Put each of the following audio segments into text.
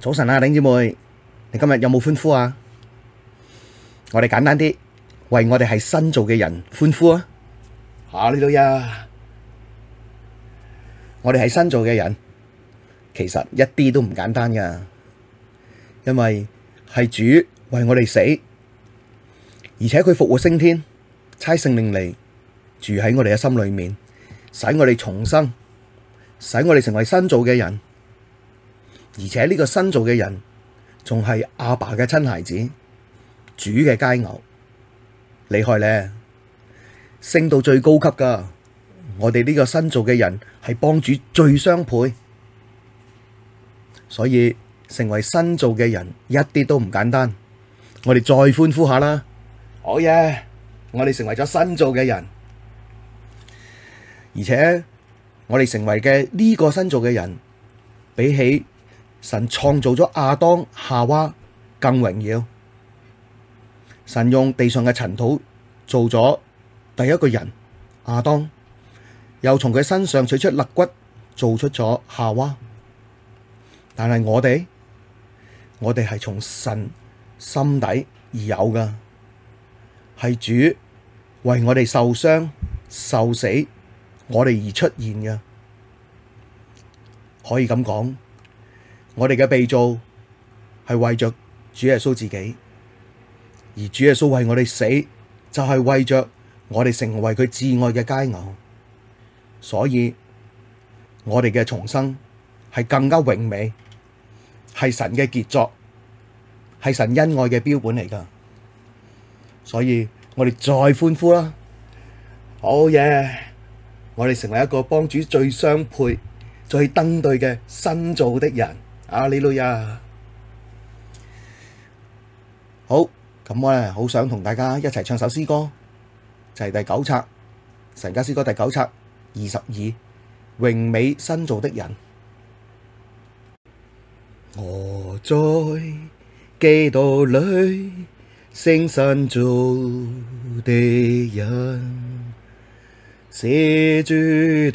早晨啊，頂姐妹，你今日有冇歡呼啊？我哋簡單啲，為我哋係新造嘅人歡呼啊！吓呢度呀，我哋係新造嘅人，其實一啲都唔簡單噶，因為係主為我哋死，而且佢復活升天，差聖靈嚟住喺我哋嘅心裏面，使我哋重生，使我哋成為新造嘅人。而且呢個新造嘅人，仲係阿爸嘅親孩子，主嘅佳偶，厲害咧，升到最高級噶。我哋呢個新造嘅人係幫主最相配，所以成為新造嘅人一啲都唔簡單。我哋再歡呼下啦，好嘢！我哋成為咗新造嘅人，而且我哋成為嘅呢個新造嘅人，比起神創造咗亞當、夏娃更榮耀。神用地上嘅塵土做咗第一個人亞當，又從佢身上取出肋骨做出咗夏娃。但係我哋，我哋係從神心底而有噶，係主為我哋受傷、受死，我哋而出現噶，可以咁講。我哋嘅被造係為着主耶穌自己，而主耶穌為我哋死，就係為着我哋成為佢至愛嘅佳偶。所以，我哋嘅重生係更加榮美，係神嘅傑作，係神恩愛嘅標本嚟㗎。所以我哋再歡呼啦！好嘢！我哋成為一個幫主最相配、最登對嘅新造的人。阿利路亞，好，咁我呢，好想同大家一齊唱首詩歌，就係第九冊《神家詩歌》第九冊二十二《榮美新造的人》，我在基督裡成新造的人，是主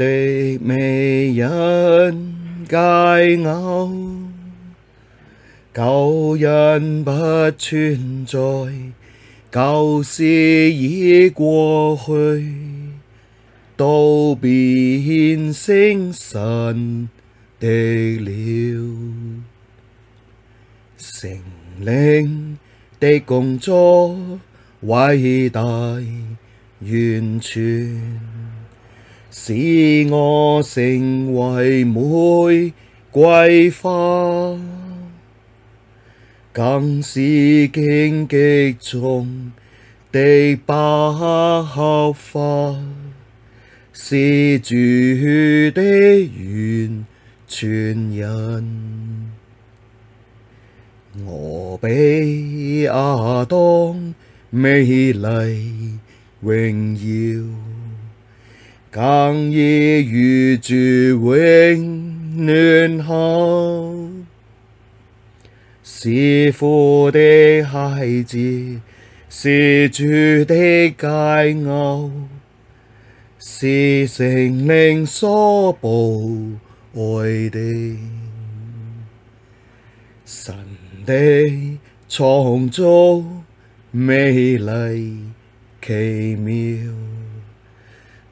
的美人，佳偶。舊人不存在，舊事已過去，都變成新的了，聖靈的工作偉大完全，使我成為玫瑰花。更是荊棘中的百合花，是主的完全人，我比亞當美麗榮耀，更已與主永聯合。好。是父的孩子，是主的佳偶，是聖靈所寶愛的。神的創造美麗奇妙，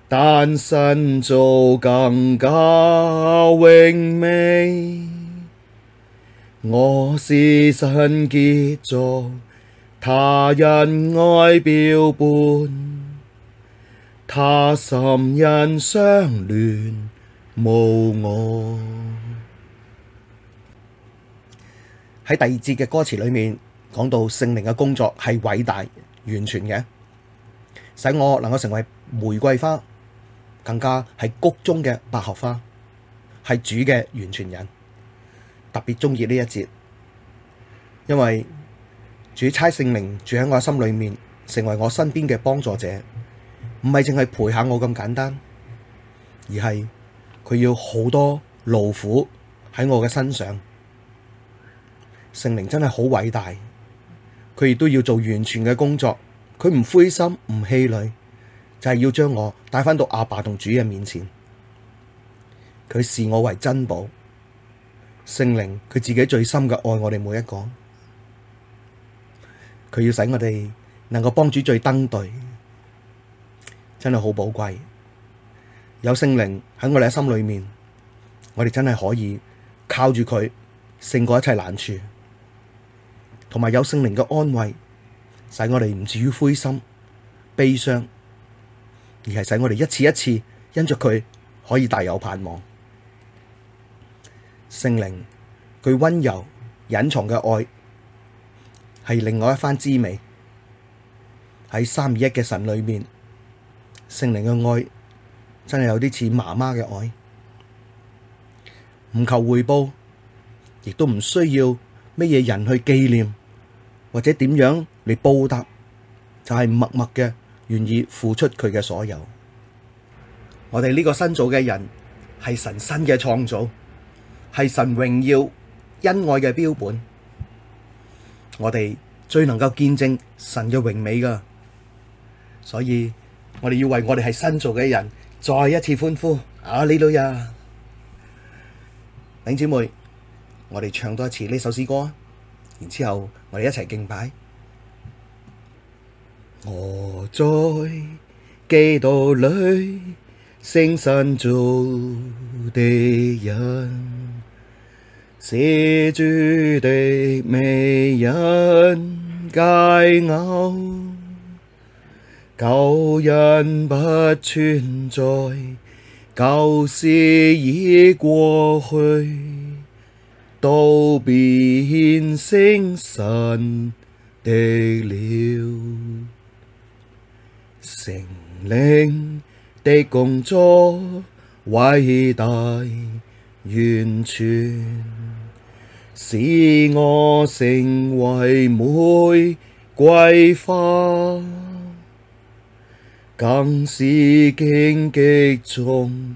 但新造更加榮美。我是神傑作，他恩愛標本，他心欣賞戀慕我。喺第二節嘅歌詞裏面講到聖靈嘅工作係偉大完全嘅，使我能夠成為玫瑰花，更加係谷中嘅百合花，係主嘅完全人。特別中意呢一節，因為主差聖靈住喺我心裏面，成為我身邊嘅幫助者，唔係淨係陪下我咁簡單，而係佢要好多勞苦喺我嘅身上。聖靈真係好偉大，佢亦都要做完全嘅工作，佢唔灰心唔氣餒，就係要將我帶返到阿爸同主嘅面前，佢視我為珍寶。聖靈佢自己最深嘅愛我哋每一個，佢要使我哋能夠幫主最登對，真係好寶貴。有聖靈喺我哋嘅心裏面，我哋真係可以靠住佢勝過一切難處，同埋有聖靈嘅安慰，使我哋唔至於灰心悲傷，而係使我哋一次一次因着佢可以大有盼望。聖靈佢温柔隱藏嘅愛係另外一番滋味，喺三而一嘅神裏面，聖靈嘅愛真係有啲似媽媽嘅愛，唔求回報，亦都唔需要乜嘢人去紀念或者點樣嚟報答，就係、是、默默嘅願意付出佢嘅所有。我哋呢個新造嘅人係神新嘅創造。係神榮耀恩愛嘅標本，我哋最能夠見證神嘅榮美噶，所以我哋要為我哋係新造嘅人再一次歡呼啊！呢度呀，弟兄姊妹，我哋唱多一次呢首詩歌啊！然之後我哋一齊敬拜，我在基督裡成新造的人，是主的美人、佳偶！舊人不存在，舊事已過去，都變成新的了，聖靈的工作偉大。完全，使我成為玫瑰花，更是荊棘中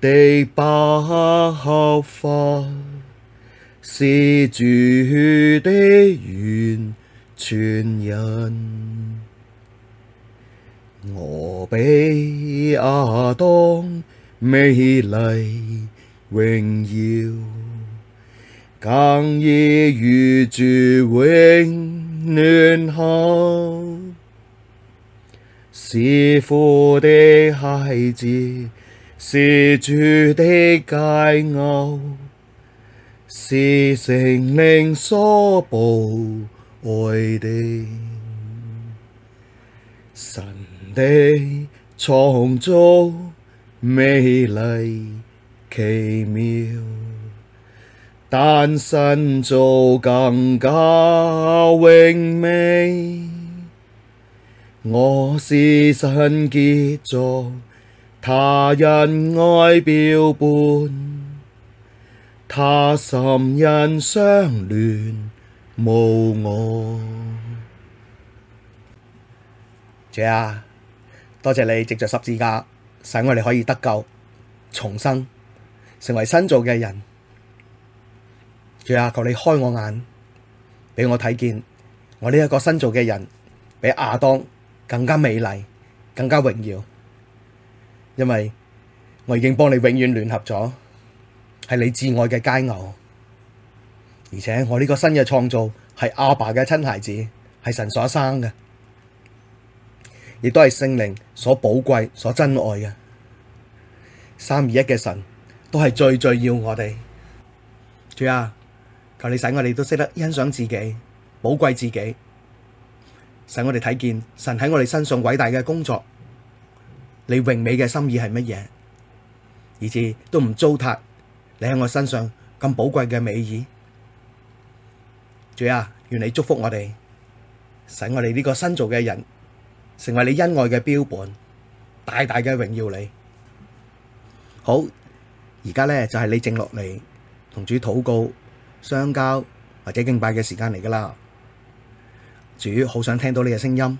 的百合花，是主的完全人，我比亞當美麗。榮耀，更已與主永聯合，是父的孩子，是主的佳偶，是聖靈所寶愛的，神的創造美麗。奇妙，但新造更加榮美。我是神傑作，祂恩愛標本，祂心欣賞戀慕我。主啊，多謝你藉着十字架，使我哋可以得救重生。成為新造嘅人，主啊，求你開我眼，俾我睇見我呢一個新造嘅人，比亞當更加美麗，更加榮耀。因為我已經幫你永遠聯合咗，係你至愛嘅佳偶，而且我呢個新嘅創造係阿爸嘅親孩子，係神所生嘅，亦都係聖靈所寶貴、所珍愛嘅。三二一嘅神。都係最最要我哋，主啊，求你使我哋都識得欣賞自己，寶貴自己，使我哋睇見神喺我哋身上偉大嘅工作，你榮美嘅心意係乜嘢，以致都唔糟蹋你喺我身上咁寶貴嘅美意。主啊，願你祝福我哋，使我哋呢個新造嘅人成為你恩愛嘅標本，大大嘅榮耀你。好。而家咧就係、是、你靜落嚟同主禱告、相交或者敬拜嘅時間嚟噶啦，主好想聽到你嘅聲音。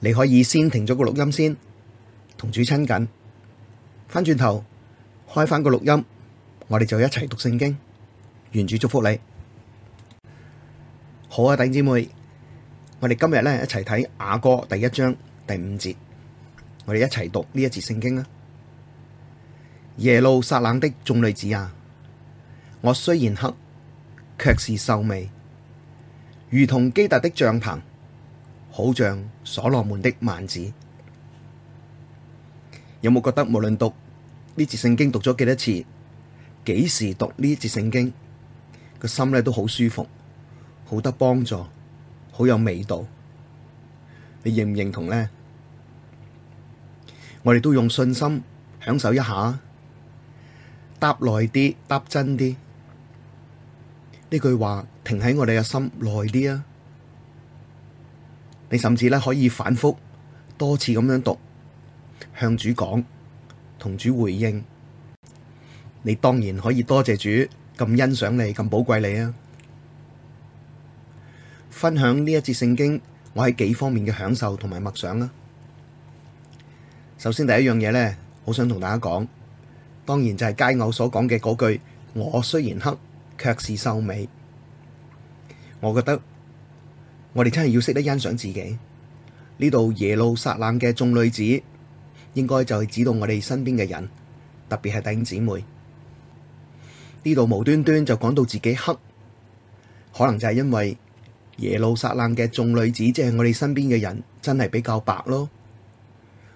你可以先停咗個錄音先，同主親近。翻轉頭開翻個錄音，我哋就一齊讀聖經。願主祝福你。好啊，弟兄姊妹，我哋今日咧一齊睇雅歌第一章第五節，我哋一齊讀呢一節聖經啊！耶路撒冷的眾女子啊，我雖然黑，卻是秀美，如同基達的帳棚，好像所羅門的幔子。有冇覺得無論讀呢節聖經讀咗幾多次，幾時讀呢節聖經，個心咧都好舒服，好得幫助，好有味道。你認唔認同呢？我哋都用信心享受一下。答耐啲，答真啲。呢句話停喺我哋嘅心耐啲啊！你甚至咧可以反覆多次咁樣讀，向主講，同主回應。你當然可以多謝主咁欣賞你，咁寶貴你啊！分享呢一節聖經，我喺幾方面嘅享受同埋默想啊！首先第一樣嘢咧，好想同大家講。當然就係佳偶所講嘅嗰句，我雖然黑，卻是秀美。我覺得我哋真係要識得欣賞自己。呢度耶路撒冷嘅眾女子，應該就係指到我哋身邊嘅人，特別係弟兄姊妹。呢度無端端就講到自己黑，可能就係因為耶路撒冷嘅眾女子，即係我哋身邊嘅人，真係比較白咯，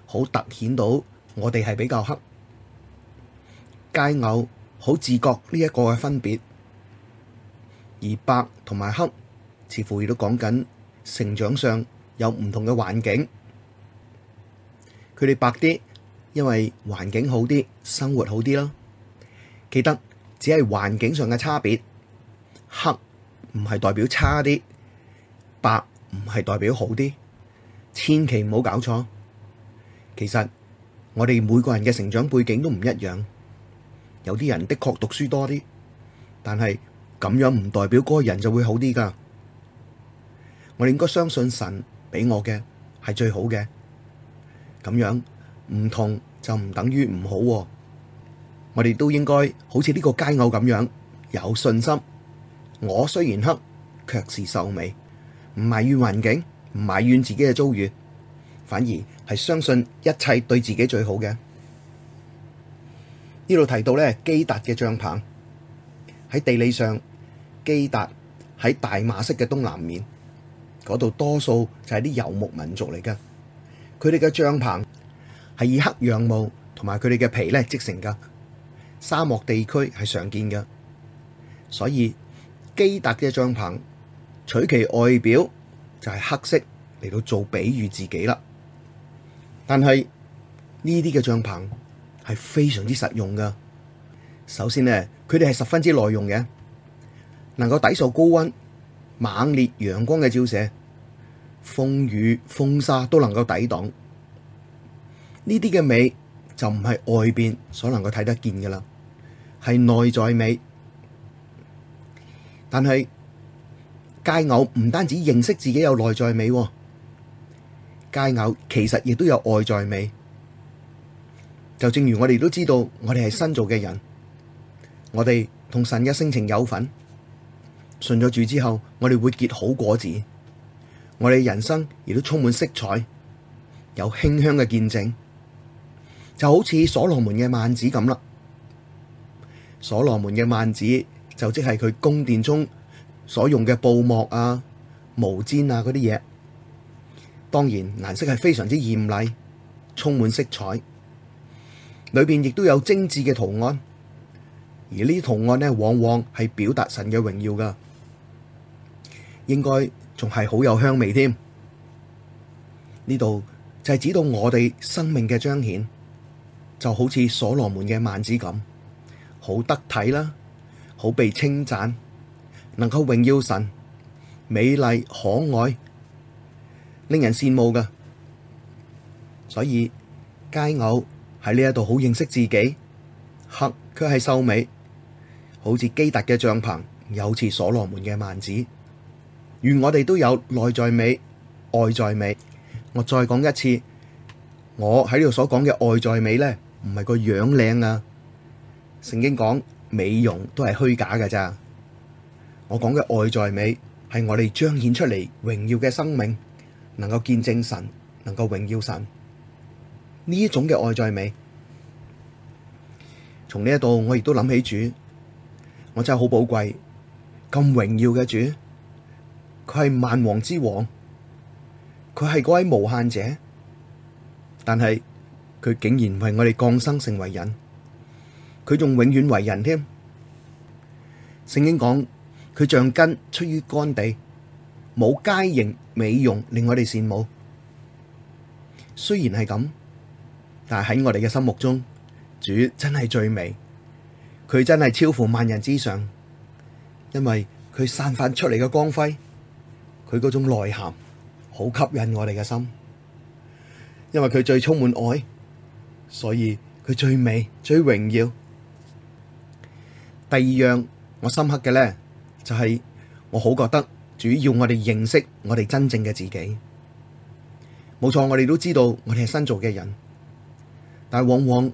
好突顯到我哋係比較黑。佳偶好自覺呢一個嘅分別，而白同埋黑似乎亦都講緊成長上有唔同嘅環境。佢哋白啲，因為環境好啲，生活好啲囉。記得只係環境上嘅差別，黑唔係代表差啲，白唔係代表好啲。千祈唔好搞錯。其實我哋每個人嘅成長背景都唔一樣。有啲人的確讀書多啲，但係咁樣唔代表嗰個人就會好啲噶。我哋應該相信神俾我嘅係最好嘅，咁樣唔同就唔等於唔好啊。我哋都應該好似呢個佳偶咁樣有信心。我雖然黑，卻是秀美，唔埋怨環境，唔埋怨自己嘅遭遇，反而係相信一切對自己最好嘅。呢度提到咧基達嘅帳篷，喺地理上，基達喺大馬色嘅東南面嗰度，多數就係啲遊牧民族嚟噶。佢哋嘅帳篷係以黑羊毛同埋佢哋嘅皮咧織成噶，沙漠地區係常見嘅，所以基達嘅帳篷取其外表就係黑色嚟到做比喻自己啦。但係呢啲嘅帳篷，係非常之實用噶。首先呢，佢哋係十分之耐用嘅，能夠抵受高溫、猛烈陽光嘅照射、風雨、風沙都能夠抵擋。呢啲嘅美就唔係外邊所能夠睇得見噶啦，係內在美。但係佳偶唔單止認識自己有內在美，佳偶其實亦都有外在美。就正如我哋都知道，我哋係新造嘅人，我哋同神嘅性情有份，信咗主之後，我哋會結好果子，我哋人生亦都充滿色彩，有馨香嘅見證，就好似所羅門嘅幔子咁啦。所羅門嘅幔子就即係佢宮殿中所用嘅布幕啊、毛氈啊嗰啲嘢，當然顏色係非常之艷麗，充滿色彩。裏邊亦都有精緻嘅圖案，而呢啲圖案咧，往往係表達神嘅榮耀噶，應該仲係好有香味添。呢度就係指到我哋生命嘅彰顯，就好似所羅門嘅幔子咁，好得體啦，好被稱讚，能夠榮耀神，美麗可愛，令人羨慕噶。所以佳偶。喺呢一度好認識自己，黑卻係秀美，好似基達嘅帳棚，有似所羅門嘅幔子。願我哋都有內在美、外在美。我再講一次，我喺呢度所講嘅外在美呢，唔係個樣靚啊！聖經講美容都係虛假嘅咋。我講嘅外在美係我哋彰顯出嚟榮耀嘅生命，能夠見證神，能夠榮耀神。呢種嘅外在美，從呢一度我亦都諗起主，我真係好寶貴，咁榮耀嘅主，佢係萬王之王，佢係嗰位無限者，但係佢竟然為我哋降生成為人，佢仲永遠為人添。聖經講佢像根出於乾地，冇佳形美容令我哋羨慕，雖然係咁。但喺我哋嘅心目中，主真係最美，佢真係超乎萬人之上，因為佢散發出嚟嘅光輝，佢嗰種內涵好吸引我哋嘅心，因為佢最充滿愛，所以佢最美、最榮耀。第二樣我深刻嘅咧，就係、是、我好覺得，主要我哋認識我哋真正嘅自己，冇錯，我哋都知道我哋係新造嘅人。但往往，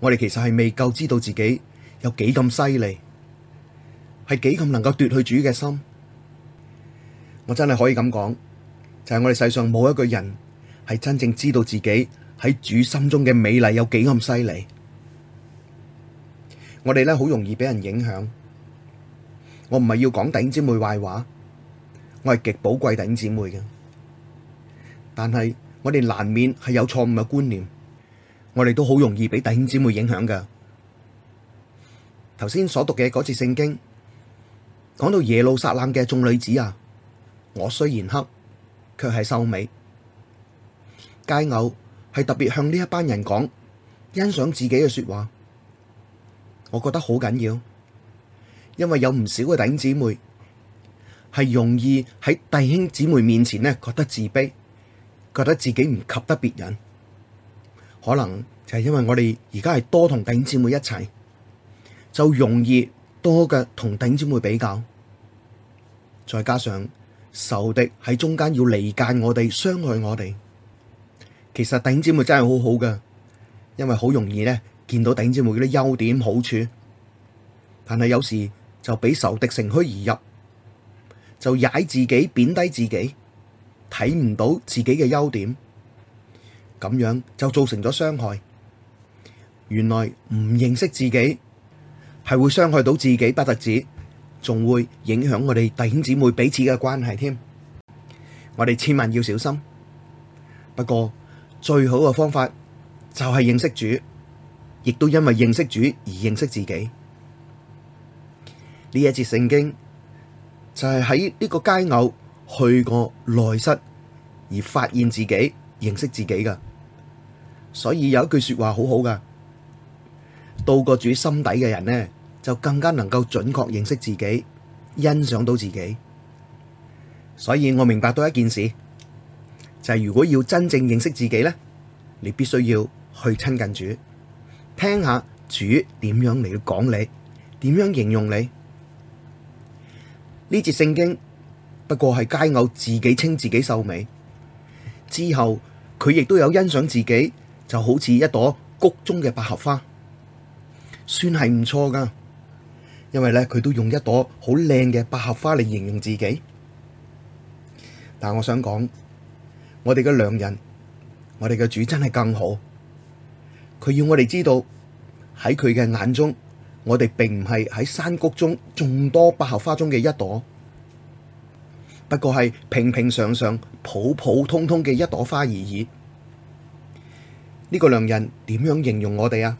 我哋其實係未夠知道自己有幾咁犀利，係幾咁能夠奪去主嘅心。我真係可以咁講，就係我哋世上冇一個人係真正知道自己喺主心中嘅美麗有幾咁犀利。我哋呢好容易俾人影響。我唔係要講弟兄姊妹壞話，我係極寶貴弟兄姊妹嘅。但係我哋難免係有錯誤嘅觀念。我哋都好容易俾弟兄姊妹影響噶。頭先所讀嘅嗰節聖經，講到耶路撒冷嘅眾女子啊，我雖然黑，卻係秀美。佳偶係特別向呢一班人講欣賞自己嘅說話，我覺得好緊要，因為有唔少嘅弟兄姊妹係容易喺弟兄姊妹面前咧覺得自卑，覺得自己唔及得別人。可能就係因為我哋而家係多同頂姊妹一齊，就容易多嘅同頂姊妹比較，再加上仇敵喺中間要離間我哋、傷害我哋。其實頂姊妹真係好好噶因為好容易呢見到頂姊妹啲優點好處，但係有時就俾仇敵乘虛而入，就踩自己、貶低自己，睇唔到自己嘅優點。咁樣就造成咗傷害。原來唔認識自己係會傷害到自己，不特止，仲會影響我哋弟兄姊妹彼此嘅關係添。我哋千萬要小心。不過最好嘅方法就係認識主，亦都因為認識主而認識自己。呢一節聖經就係喺呢個佳偶去過內室而發現自己。認識自己噶所以有一句說話好好噶到過主心底嘅人呢，就更加能夠準確認識自己，欣賞到自己。所以我明白到一件事，就係、是，如果要真正認識自己呢，你必須要去親近主，聽下主點樣嚟講你，點樣形容你。呢節聖經不過係佳偶自己稱自己秀美。之後佢亦都有欣賞自己，就好似一朵谷中嘅百合花，算係唔錯噶。因為咧，佢都用一朵好靚嘅百合花嚟形容自己。但我想講，我哋嘅良人，我哋嘅主真係更好。佢要我哋知道喺佢嘅眼中，我哋並唔係喺山谷中眾多百合花中嘅一朵。不過係平平常常、普普通通嘅一朵花而已。呢個良人點樣形容我哋啊？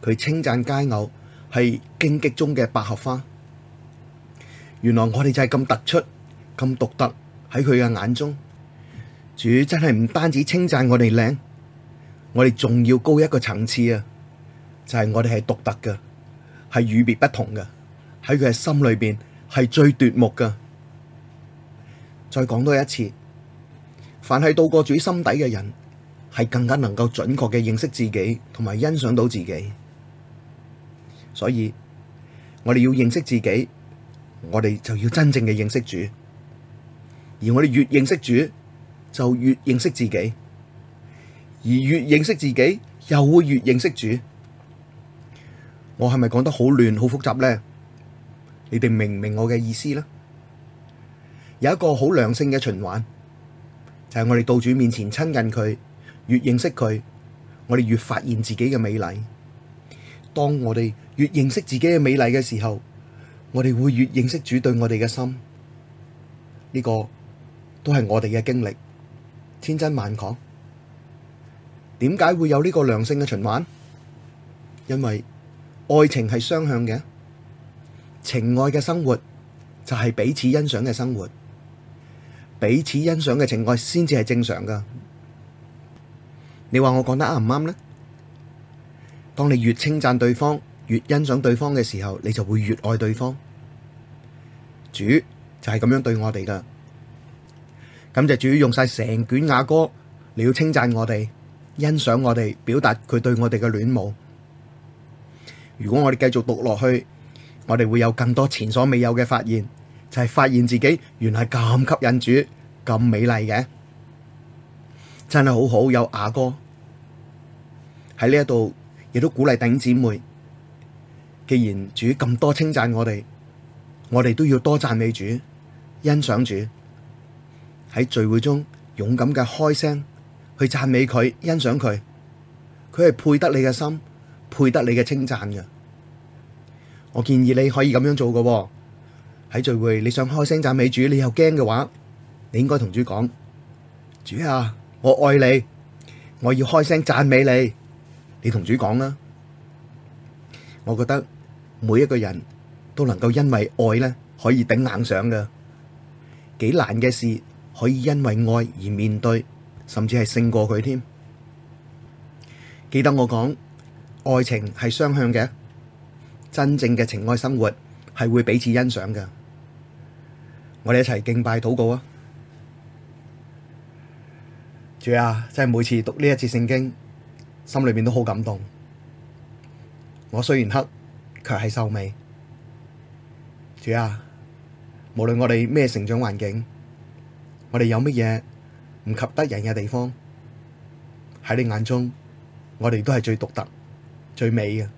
佢稱讚佳偶係荊棘中嘅百合花。原來我哋就係咁突出、咁獨特喺佢嘅眼中。主真係唔單止稱讚我哋靚，我哋仲要高一個層次啊！就係我哋係獨特嘅，係與別不同嘅，喺佢嘅心裏邊係最奪目嘅。再講多一次，凡係到過主心底嘅人，係更加能夠準確嘅認識自己，同埋欣賞到自己。所以我哋要認識自己，我哋就要真正嘅認識主。而我哋越認識主，就越認識自己；而越認識自己，又會越認識主。我係咪講得好亂、好複雜呢？你哋明唔明我嘅意思呢？有一個好良性嘅循環，就係、是、我哋到主面前親近佢，越認識佢，我哋越發現自己嘅美麗。當我哋越認識自己嘅美麗嘅時候，我哋會越認識主對我哋嘅心。呢、這個都係我哋嘅經歷，千真萬確。點解會有呢個良性嘅循環？因為愛情係雙向嘅，情愛嘅生活就係彼此欣賞嘅生活。彼此欣賞嘅情愛先至係正常噶你話我講得啱唔啱呢？當你越稱讚對方，越欣賞對方嘅時候，你就會越愛對方。主就係咁樣對我哋噶。咁就主要用晒成卷雅歌，你要稱讚我哋、欣賞我哋、表達佢對我哋嘅戀慕。如果我哋繼續讀落去，我哋會有更多前所未有嘅發現。就係發現自己原來咁吸引主，咁美麗嘅，真係好好有雅歌喺呢一度，亦都鼓勵弟兄姊妹。既然主咁多稱讚我哋，我哋都要多讚美主，欣賞主。喺聚會中勇敢嘅開聲去讚美佢、欣賞佢，佢係配得你嘅心，配得你嘅稱讚嘅。我建議你可以咁樣做噶。喺聚會，你想開聲讚美主，你又驚嘅話，你應該同主講：主啊，我愛你，我要開聲讚美你。你同主講啦。我覺得每一個人都能夠因為愛呢，可以頂硬上㗎，幾難嘅事可以因為愛而面對，甚至係勝過佢添。記得我講，愛情係雙向嘅，真正嘅情愛生活係會彼此欣賞㗎。我哋一齊敬拜禱告啊！主啊，真係每次讀呢一次聖經，心裏面都好感動。我雖然黑，卻係秀美。主啊，無論我哋咩成長環境，我哋有乜嘢唔及得人嘅地方，喺你眼中，我哋都係最獨特、最美嘅。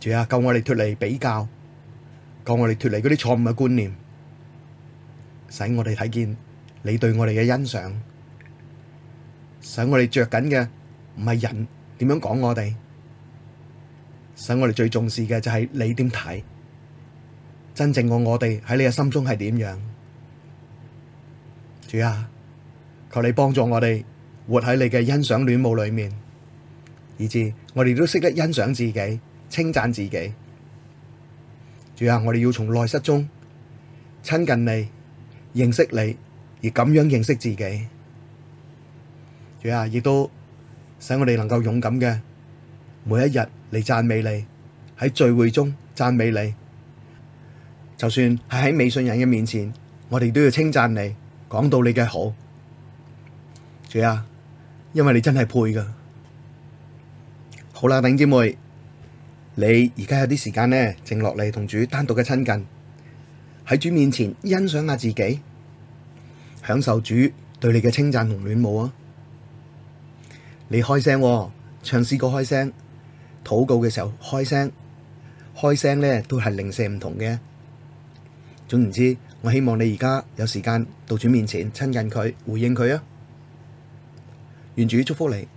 主啊，救我哋脫離比較。教我哋脫離嗰啲錯誤嘅觀念，使我哋睇見你對我哋嘅欣賞，使我哋着緊嘅唔係人點樣講我哋，使我哋最重視嘅就係你點睇，真正嘅我哋喺你嘅心中係點樣？主啊，求你幫助我哋活喺你嘅欣賞戀慕裏面，以至我哋都識得欣賞自己、稱讚自己。主啊，有我哋要從內室中親近你、認識你，而咁樣認識自己。主啊，亦都使我哋能夠勇敢嘅每一日嚟讚美你，喺聚會中讚美你，就算係喺未信人嘅面前，我哋都要稱讚你，講到你嘅好。主啊，因為你真係配噶。好啦，弟兄姊妹。你而家有啲時間呢，靜落嚟，同主單獨嘅親近，喺主面前欣賞下自己，享受主對你嘅稱讚同戀慕啊！你開聲唱詩歌，試過開聲禱告嘅時候開聲，開聲呢都係零舍唔同嘅。總言之，我希望你而家有時間到主面前親近佢，回應佢啊！願主祝福你。